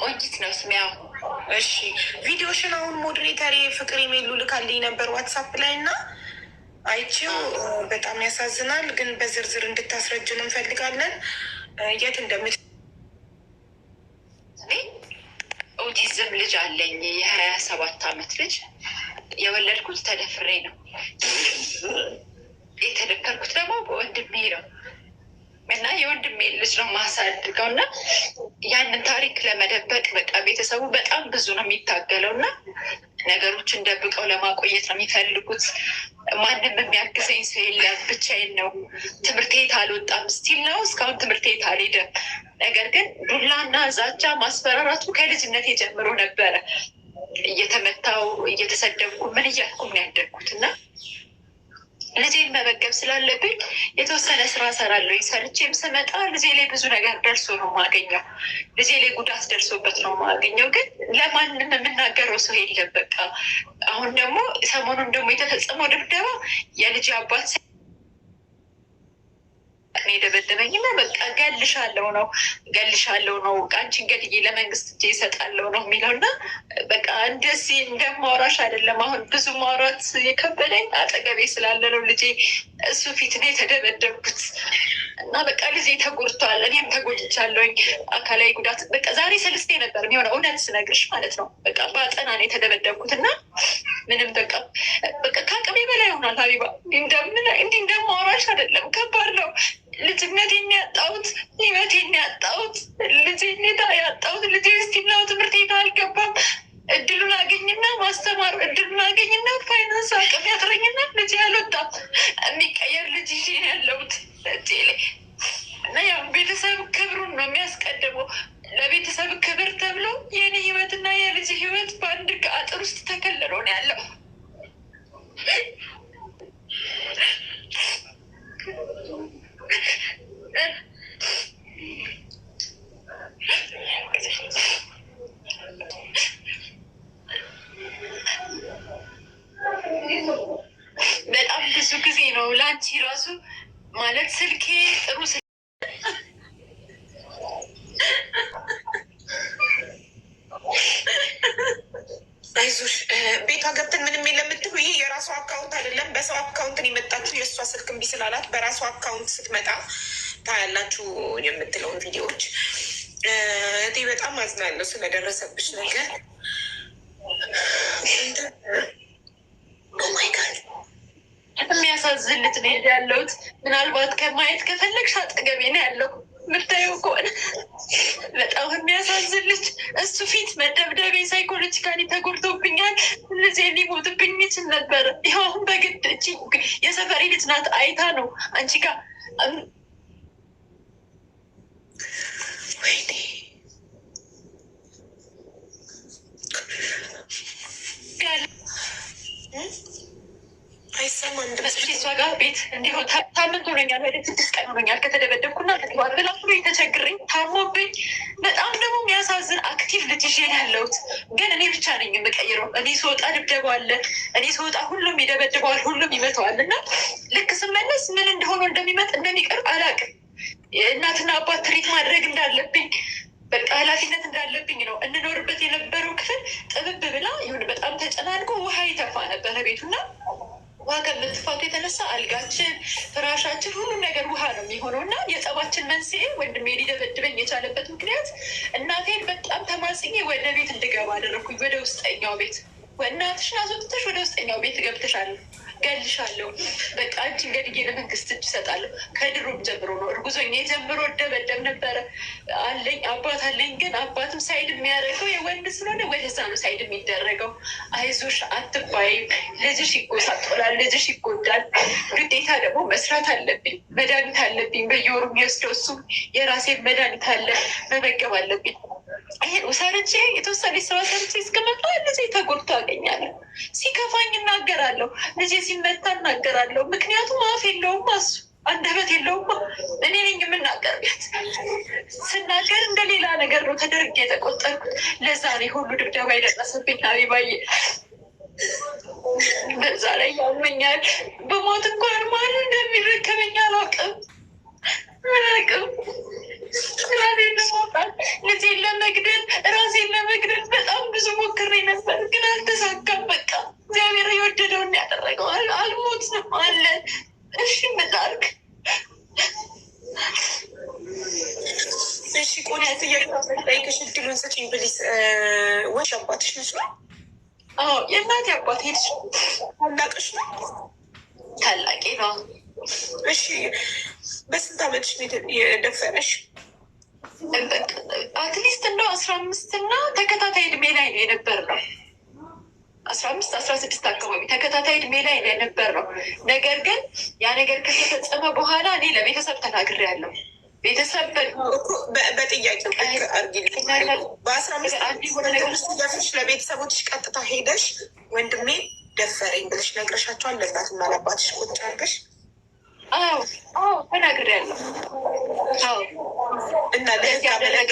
ቆይት ነው ስሚያው። እሺ ቪዲዮሽን አሁን ሞዴሬተር ፍቅር ሜሉ ልካልኝ ነበር ዋትሳፕ ላይ እና አይቼው በጣም ያሳዝናል፣ ግን በዝርዝር እንድታስረጅን እንፈልጋለን። የት እንደምት ኦቲዝም ልጅ አለኝ የሀያ ሰባት አመት ልጅ የወለድኩት ተደፍሬ ነው የተደፈርኩት ደግሞ በወንድሜ ነው። እና የወንድሜ ልጅ ነው ማሳድገው እና ያንን ታሪክ ለመደበቅ በቃ ቤተሰቡ በጣም ብዙ ነው የሚታገለው እና ነገሮችን ደብቀው ለማቆየት ነው የሚፈልጉት። ማንም የሚያግዘኝ ሰው የለም፣ ብቻዬን ነው። ትምህርት ቤት አልወጣም ስቲል ነው እስካሁን ትምህርት ቤት አልሄደም። ነገር ግን ዱላና ዛቻ ማስፈራራቱ ከልጅነት የጀምሮ ነበረ። እየተመታው እየተሰደብኩ ምን እያልኩ ነው ያደግኩት እና ልጄን መመገብ ስላለብኝ የተወሰነ ስራ ሰራለሁ። ሰርቼም ስመጣ ልጄ ላይ ብዙ ነገር ደርሶ ነው ማገኘው። ልጄ ላይ ጉዳት ደርሶበት ነው ማገኘው። ግን ለማንም የምናገረው ሰው የለም። በቃ አሁን ደግሞ ሰሞኑን ደግሞ የተፈጸመው ድብደባ የልጄ አባት ነው የደበደበኝ። እና በቃ ገልሻለው ነው ገልሻለው ነው አንቺን ገድዬ ለመንግስት እጄ ይሰጣለው ነው የሚለው እና በቃ እንደዚህ እንደማውራሽ አይደለም። አሁን ብዙ ማውራት የከበደኝ አጠገቤ ስላለ ነው። ልጄ እሱ ፊት ነው የተደበደብኩት እና በቃ ልጄ ተጎድቷል፣ እኔም ተጎድቻለሁኝ አካላዊ ጉዳት በቃ ዛሬ ሰለስቴ ነበር የሚሆነው እውነት ስነግርሽ ማለት ነው። በቃ በአጠና ነው የተደበደብኩት እና ምንም በቃ በቃ ከአቅሜ በላይ ይሆናል ሀቢባ። እንዲህ እንደማውራሽ አይደለም፣ ከባድ ነው። ልጅነቴን ያጣሁት ህይወቴን ያጣሁት ልጅ ኔታ ያጣሁት ልጅ ስቲናው ትምህርት ቤት አልገባም እድሉን አገኝና ማስተማር እድሉን አገኝና ፋይናንስ አቅም ያጥረኝና ልጅ ያልወጣ የሚቀየር ልጅ ይዤ ያለሁት እና ያው ቤተሰብ ክብሩን ነው የሚያስቀድመው። ለቤተሰብ ክብር ተብሎ የኔ ህይወትና የልጅ ህይወት በአንድ አጥር ውስጥ ተከልሎ ነው ያለው። አሜሪካ ገብተን ምንም የለምትሉ ይህ የራሷ አካውንት አይደለም። በሰው አካውንትን የመጣችሁ። የእሷ ስልክ እምቢ ስላላት በራሷ አካውንት ስትመጣ ታያላችሁ የምትለውን ቪዲዮዎች እኔ በጣም አዝናለሁ ስለደረሰብሽ ነገር። oh የሚያሳዝን ልትሄድ ያለሁት ምናልባት ከማየት ከፈለግሽ አጠገቤ ነው ያለው የምታየው ከሆነ በጣም የሚያሳዝን ልጅ እሱ ፊት መደብደቤ ሳይኮሎጂካሊ ተጎድቶብኛል። ልጄ ሊሞትብኝ ይችል ነበረ። ይኸው በግድ እቺ የሰፈሪ ልጅ ናት አይታ ነው አንቺ ጋር ወይኔ አይሰማም ድረስ እሷ ጋር ቤት እንዲሁ ሳምንት ሆኖኛል፣ ወደ ስድስት ቀን ሆኖኛል ከተደበደብኩና ተዋል በላፍሮ የተቸግረኝ ታሞብኝ በጣም ደግሞ የሚያሳዝን አክቲቭ ልጅ ይዤ ነው ያለሁት። ግን እኔ ብቻ ነኝ የምቀይረው። እኔ ስወጣ ድብደባ አለ፣ እኔ ስወጣ ሁሉም ይደበድበዋል፣ ሁሉም ይመተዋል። እና ልክ ስመለስ ምን እንደሆነ እንደሚመጥ እንደሚቀርብ አላውቅም። እናትና አባት ትሪት ማድረግ እንዳለብኝ በቃ ኃላፊነት እንዳለብኝ ነው። እንኖርበት የነበረው ክፍል ጥብብ ብላ ይሁን በጣም ተጨናንቆ ውሃ ይተፋ ነበረ ቤቱና ዋጋ ከምትፋቱ የተነሳ አልጋችን፣ ፍራሻችን፣ ሁሉም ነገር ውሃ ነው የሚሆነው እና የጸባችን መንስኤ ወንድሜ ሊደበድበኝ የቻለበት ምክንያት እናቴን በጣም ተማጽኜ ወደ ቤት እንድገባ አደረኩኝ። ወደ ውስጠኛው ቤት እናትሽን አስወጥተሽ ወደ ውስጠኛው ቤት ገብተሻል ገልሻለሁ፣ በቃ አንቺ ገድጌ ለመንግስት እጅ እሰጣለሁ። ከድሮም ጀምሮ ነው እርጉዞኛ የጀምሮ ደበደብ ነበረ። አለኝ አባት አለኝ፣ ግን አባትም ሳይድ የሚያደርገው የወንድ ስለሆነ ወደዛ ነው ሳይድ የሚደረገው። አይዞሽ አትባይ፣ ልጅሽ ይጎሳጦላል፣ ልጅሽ ይጎዳል። ግዴታ ደግሞ መስራት አለብኝ፣ መድኃኒት አለብኝ በየወሩ የሚወስደው እሱ የራሴን መድኃኒት አለ መመገብ አለብኝ ሰርቼ የተወሰነ ስራ ሰርቼ እስከመጣ ልጄ ተጎድቶ አገኛለሁ። ሲከፋኝ እናገራለሁ። ልጄ ሲመታ እናገራለሁ። ምክንያቱም አፍ የለውም አሱ አንደበት የለውም። እኔ ነኝ የምናገርበት። ስናገር እንደ ሌላ ነገር ነው ተደርጌ የተቆጠርኩት። ለዛ ነው ሁሉ ድብደባ የደረሰብኝ አቢባዬ። በዛ ላይ ያመኛል። በሞት እንኳን ማን እንደሚረከበኝ አላውቅም አላውቅም። ልጄን ለመግደል ራሴን ለመግደል በጣም ብዙ ሞክሬ ነበር፣ ግን አልተሳካም። በቃ እግዚአብሔር የወደደውን ያደረገው። አልሞትም አለ። እሺ ምላርግ እሺ ቆንጆ ጥያቄ ጠይቅሽ፣ እድሉን ብሊስ። ወሽ አባትሽ መስሏል? አዎ የእናቴ አባት ሄድሽ። ታላቅሽ ነው? ታላቂ ነው። እሺ በስንት አመትሽ ነው የደፈረሽ? አትሊስት እንደው አስራ አምስት እና ተከታታይ እድሜ ላይ ነው የነበር ነው አስራ አምስት አስራ ስድስት አካባቢ ተከታታይ እድሜ ላይ ነው የነበር ነው። ነገር ግን ያ ነገር ከተፈጸመ በኋላ እኔ ለቤተሰብ ተናግሬያለሁ። ቤተሰብ በጥያቄው በአስራ አምስት ቀጥታ ሄደሽ ወንድሜ ደፈረኝ ብለሽ ነግረሻቸው አለባት ለአባትሽ ቁጭ አርገሽ አዎ አዎ ተናግሬያለሁ። አዎ እና በህግሽን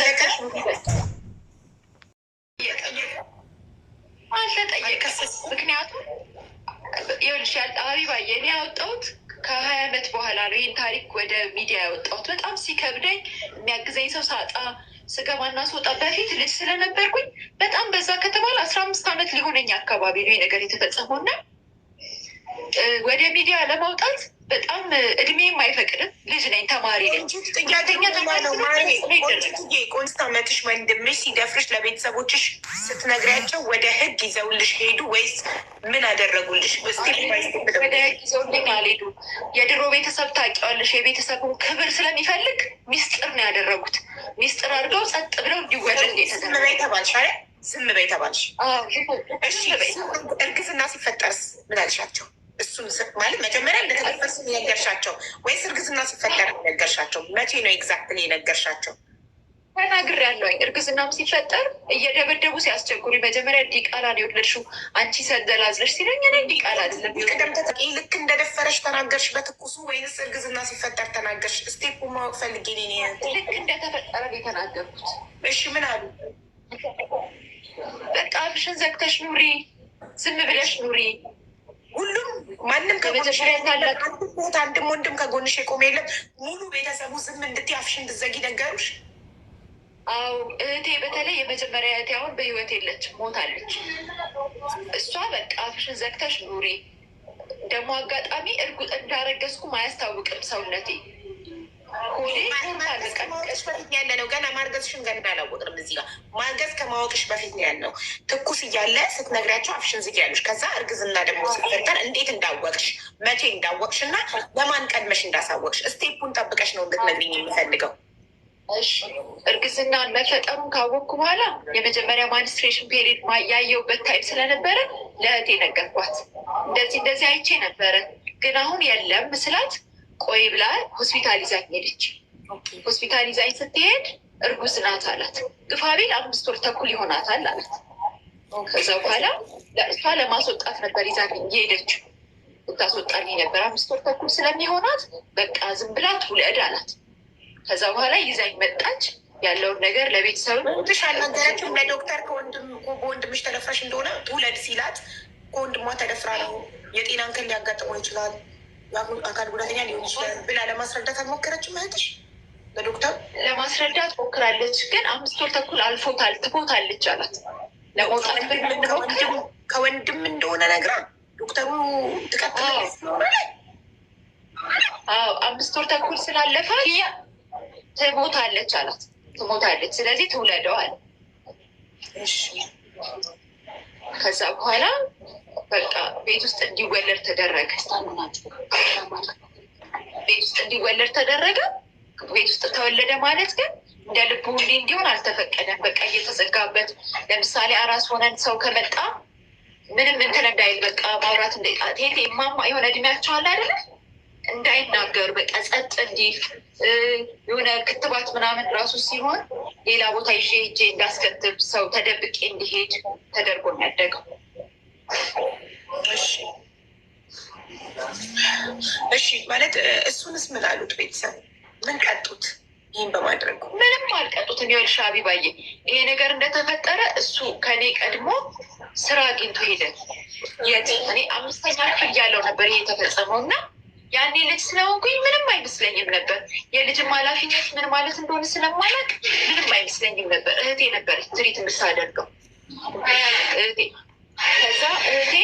ዘቀሽ ምክንያቱም ይኸውልሽ ሀቢባዬ እኔ ያወጣሁት ከሀያ አመት በኋላ ነው። ይህን ታሪክ ወደ ሚዲያ ያወጣሁት በጣም ሲከብደኝ የሚያግዘኝ ሰው ሳጣ ስገባና ስወጣ በፊት ልጅ ስለነበርኩኝ በጣም በዛ ከተባለ አስራ አምስት አመት ሊሆነኝ አካባቢ ነው ነገር የተፈጸመውና ወደ ሚዲያ ለማውጣት በጣም እድሜ የማይፈቅድም ልጅ ነኝ፣ ተማሪ ነኝ። ጥያቄኛ ቆንስታ መትሽ ወንድምሽ ሲደፍርሽ ለቤተሰቦችሽ ስትነግሪያቸው ወደ ህግ ይዘውልሽ ሄዱ ወይስ ምን አደረጉልሽ? ወደ ህግ ይዘውልኝ አልሄዱ። የድሮ ቤተሰብ ታውቂዋለሽ፣ የቤተሰቡን ክብር ስለሚፈልግ ሚስጥር ነው ያደረጉት። ሚስጥር አድርገው ጸጥ ብለው እንዲወለድ ተባልሽ አይደል? ዝም በይ ተባልሽ። እርግዝና ሲፈጠርስ ምን አልሻቸው? እሱን ማለት መጀመሪያ እንደተደፈርስ የነገርሻቸው ወይስ እርግዝና ሲፈጠር የነገርሻቸው? መቼ ነው ኤግዛክትሊ የነገርሻቸው? ተናግሬያለሁኝ። እርግዝናም ሲፈጠር እየደበደቡ ሲያስቸግሩ መጀመሪያ ዲቃላ ነው የወለድሽው አንቺ ሰደላዝለሽ ሲለኝ እኔ ዲቃላ አይደለም ልክ እንደደፈረሽ ተናገርሽ በትኩሱ ወይንስ እርግዝና ሲፈጠር ተናገርሽ? ስቴፑ ማወቅ ፈልጌ ልክ እንደተፈጠረ የተናገርኩት። እሺ ምን አሉ? በቃ አፍሽን ዘግተሽ ኑሪ፣ ዝም ብለሽ ኑሪ ሁሉም ማንም አንድም አንድም ወንድም ከጎንሽ የቆመ የለም። ሙሉ ቤተሰቡ ዝም እንድትያፍሽ እንድዘጊ ነገሩሽ። አው እህቴ፣ በተለይ የመጀመሪያ እህቴ አሁን በህይወት የለች ሞታለች። እሷ በቃ አፍሽን ዘግተሽ ኑሪ። ደግሞ አጋጣሚ እርጉጥ እንዳረገዝኩም አያስታውቅም ሰውነቴ ያለ ነው። ገና ማርገዝሽን ገና አላወቅንም። እዚህ ጋር ማርገዝ ከማወቅሽ በፊት ነው ያለው። ትኩስ እያለ ስትነግሪያቸው አፍሽን ዝጊ ያሉሽ። ከዛ እርግዝና ደግሞ ስትፈጠር እንዴት እንዳወቅሽ፣ መቼ እንዳወቅሽ እና ለማን ቀድመሽ እንዳሳወቅሽ ጠብቀሽ ነው እንድትነግሪኝ የምፈልገው። መፈጠሩን ካወቅኩ በኋላ የመጀመሪያ ማንስትሬሽን ፔሪድ ያየውበት ታይም ስለነበረ ለእህቴ ነገርኳት። እንደዚህ እንደዚህ አይቼ ነበረ ግን አሁን የለም ስላት ቆይ ብላ ሆስፒታል ይዛኝ ሄደች። ሆስፒታል ይዛኝ ስትሄድ እርጉዝ ናት አላት። ግፋቤል አምስት ወር ተኩል ይሆናታል አላት። ከዛ በኋላ እሷ ለማስወጣት ነበር ይዛኝ የሄደችው ልታስወጣልኝ ነበር። አምስት ወር ተኩል ስለሚሆናት በቃ ዝም ብላ ትውለድ አላት። ከዛ በኋላ ይዛኝ መጣች። ያለውን ነገር ለቤተሰብ ትንሽ አልነገረችም ለዶክተር። ከወንድምሽ ተደፍረሽ እንደሆነ ትውለድ ሲላት ከወንድሟ ተደፍራ ነው። የጤና እንከን ሊያጋጥመው ይችላል አካል ጉዳተኛ ሊሆን ይችላል ብላ ለማስረዳት አልሞከረችም እህትሽ? ለዶክተር ለማስረዳት ሞክራለች፣ ግን አምስት ወር ተኩል አልፎታል ትፎታለች አላት። ከወንድም እንደሆነ ነግራ ዶክተሩ ትቀጥላለች። አምስት ወር ተኩል ስላለፈ ትሞታለች አላት። ትሞታለች፣ ስለዚህ ትውለደዋል። ከዛ በኋላ በቃ ቤት ውስጥ እንዲወለድ ተደረገ። ቤት ውስጥ እንዲወለድ ተደረገ። ቤት ውስጥ ተወለደ ማለት ግን እንደ ልቡ ሁሌ እንዲሆን አልተፈቀደም። በቃ እየተዘጋበት ለምሳሌ አራስ ሆነን ሰው ከመጣ ምንም እንትን እንዳይል በቃ ማውራት ቴቴ ማማ የሆነ እድሜያቸው አለ አይደለም እንዳይናገር በቃ ጸጥ እንዲህ የሆነ ክትባት ምናምን ራሱ ሲሆን ሌላ ቦታ ይዤ ሄጄ እንዳስከትብ ሰው ተደብቄ እንዲሄድ ተደርጎ ያደገው። እሺ ማለት እሱንስ ምን አሉት ቤተሰብ? ምን ቀጡት? ይህን በማድረጉ ምንም አልቀጡትም። ይኸውልሽ አቢባዬ ይሄ ነገር እንደተፈጠረ እሱ ከኔ ቀድሞ ስራ አግኝቶ ሄደ። እኔ አምስተኛ ክፍል እያለሁ ነበር ይሄ የተፈጸመው እና ያኔ ልጅ ስለሆንኩኝ ምንም አይመስለኝም ነበር። የልጅም ኃላፊነት ምን ማለት እንደሆነ ስለማላቅ ምንም አይመስለኝም ነበር። እህቴ ነበር ትሪት የምታደርገው እህቴ። ከዛ እህቴ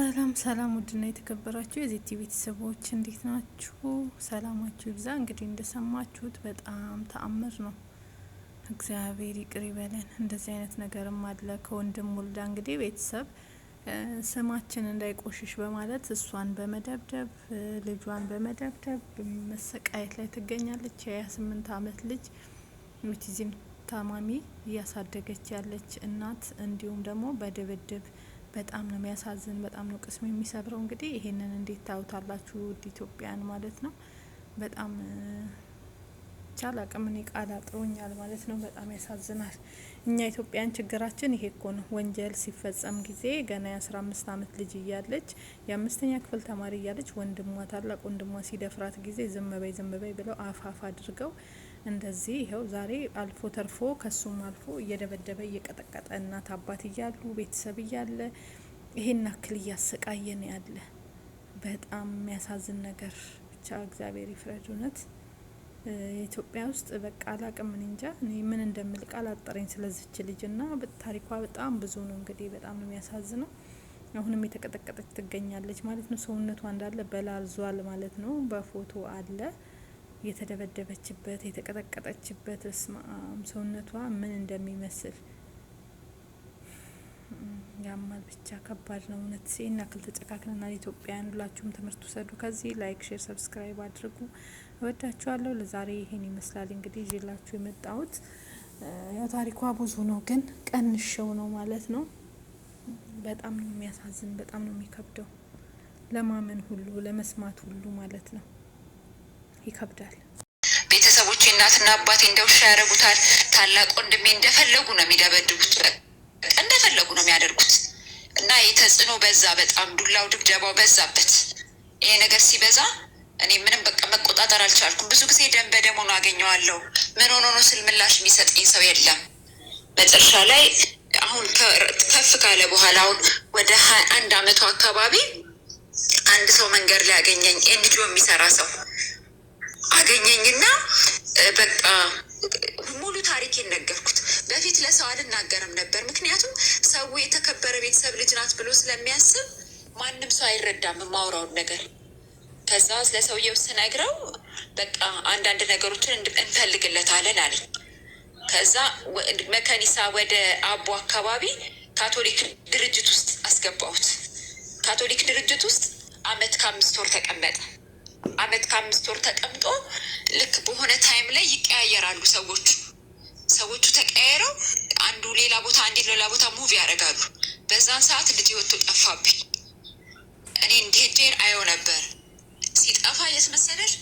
ሰላም ሰላም፣ ውድና የተከበራችሁ የዜቲ ቤተሰቦች እንዴት ናችሁ? ሰላማችሁ ይብዛ። እንግዲህ እንደሰማችሁት በጣም ተአምር ነው። እግዚአብሔር ይቅር ይበለን። እንደዚህ አይነት ነገርም አለ። ከወንድም ውልዳ እንግዲህ ቤተሰብ ስማችን እንዳይቆሽሽ በማለት እሷን በመደብደብ ልጇን በመደብደብ መሰቃየት ላይ ትገኛለች። የሀያ ስምንት አመት ልጅ ኦቲዝም ታማሚ እያሳደገች ያለች እናት እንዲሁም ደግሞ በድብድብ በጣም ነው የሚያሳዝን፣ በጣም ነው ቅስም የሚሰብረው። እንግዲህ ይሄንን እንዴት ታዩታላችሁ ውድ ኢትዮጵያን ማለት ነው በጣም ብቻ አላቅም እኔ ቃል አጥሮኛል ማለት ነው። በጣም ያሳዝናል። እኛ ኢትዮጵያን ችግራችን ይሄ እኮ ነው። ወንጀል ሲፈጸም ጊዜ ገና የአስራ አምስት አመት ልጅ እያለች የአምስተኛ ክፍል ተማሪ እያለች ወንድሟ ታላቅ ወንድሟ ሲደፍራት ጊዜ ዝም በይ ዝም በይ ብለው አፋፍ አድርገው እንደዚህ ይኸው ዛሬ አልፎ ተርፎ ከሱም አልፎ እየደበደበ እየቀጠቀጠ እናት አባት እያሉ ቤተሰብ እያለ ይሄን አክል እያሰቃየን ያለ በጣም የሚያሳዝን ነገር ብቻ እግዚአብሔር ይፍረድ እውነት ኢትዮጵያ ውስጥ በቃ አላቅም ምን እንጃ እኔ ምን እንደምል ቃል አጠረኝ ስለዚች ልጅ ና ታሪኳ በጣም ብዙ ነው። እንግዲህ በጣም ነው የሚያሳዝነው። አሁንም የተቀጠቀጠች ትገኛለች ማለት ነው። ሰውነቷ እንዳለ በላልዟል ማለት ነው። በፎቶ አለ የተደበደበችበት የተቀጠቀጠችበት። እስማም ሰውነቷ ምን እንደሚመስል ያማል። ብቻ ከባድ ነው እውነት። እና ክል ተጨካክለናል። ኢትዮጵያውያን ሁላችሁም ትምህርት ውሰዱ። ከዚህ ላይክ፣ ሼር፣ ሰብስክራይብ አድርጉ። እወዳችኋለሁ። ለዛሬ ይሄን ይመስላል እንግዲህ ይዤላችሁ የመጣሁት ያው ታሪኳ ብዙ ነው፣ ግን ቀንሸው ነው ማለት ነው። በጣም ነው የሚያሳዝን፣ በጣም ነው የሚከብደው ለማመን ሁሉ ለመስማት ሁሉ ማለት ነው ይከብዳል። ቤተሰቦች እናትና አባቴ ውሻ ያደርጉታል። ታላቅ ወንድሜ እንደፈለጉ ነው የሚደበድቡት፣ እንደፈለጉ ነው የሚያደርጉት እና የተጽዕኖ በዛ በጣም ዱላው ድብደባው በዛበት ይሄ ነገር ሲበዛ እኔ ምንም በቃ መቆጣጠር አልቻልኩም። ብዙ ጊዜ ደም በደም ሆኖ አገኘዋለሁ። ምን ሆኖ ነው ስል ምላሽ የሚሰጠኝ ሰው የለም። መጨረሻ ላይ አሁን ከፍ ካለ በኋላ አሁን ወደ አንድ አመቱ አካባቢ አንድ ሰው መንገድ ላይ አገኘኝ። ኤንጆ የሚሰራ ሰው አገኘኝና በቃ ሙሉ ታሪክ የነገርኩት። በፊት ለሰው አልናገርም ነበር፣ ምክንያቱም ሰው የተከበረ ቤተሰብ ልጅ ናት ብሎ ስለሚያስብ ማንም ሰው አይረዳም የማውራውን ነገር ከዛ ለሰውየው ስነግረው በቃ አንዳንድ ነገሮችን እንፈልግለታለን አለ። ከዛ መከኒሳ ወደ አቦ አካባቢ ካቶሊክ ድርጅት ውስጥ አስገባሁት። ካቶሊክ ድርጅት ውስጥ አመት ከአምስት ወር ተቀመጠ። አመት ከአምስት ወር ተቀምጦ ልክ በሆነ ታይም ላይ ይቀያየራሉ ሰዎቹ። ሰዎቹ ተቀያይረው አንዱ ሌላ ቦታ አንዴ ሌላ ቦታ ሙቪ ያደርጋሉ። በዛን ሰዓት ልጅ ወጥቶ ጠፋብኝ። እኔ እንዲሄጄን አየው ነበር ሲጠፋ የስመሰለሽ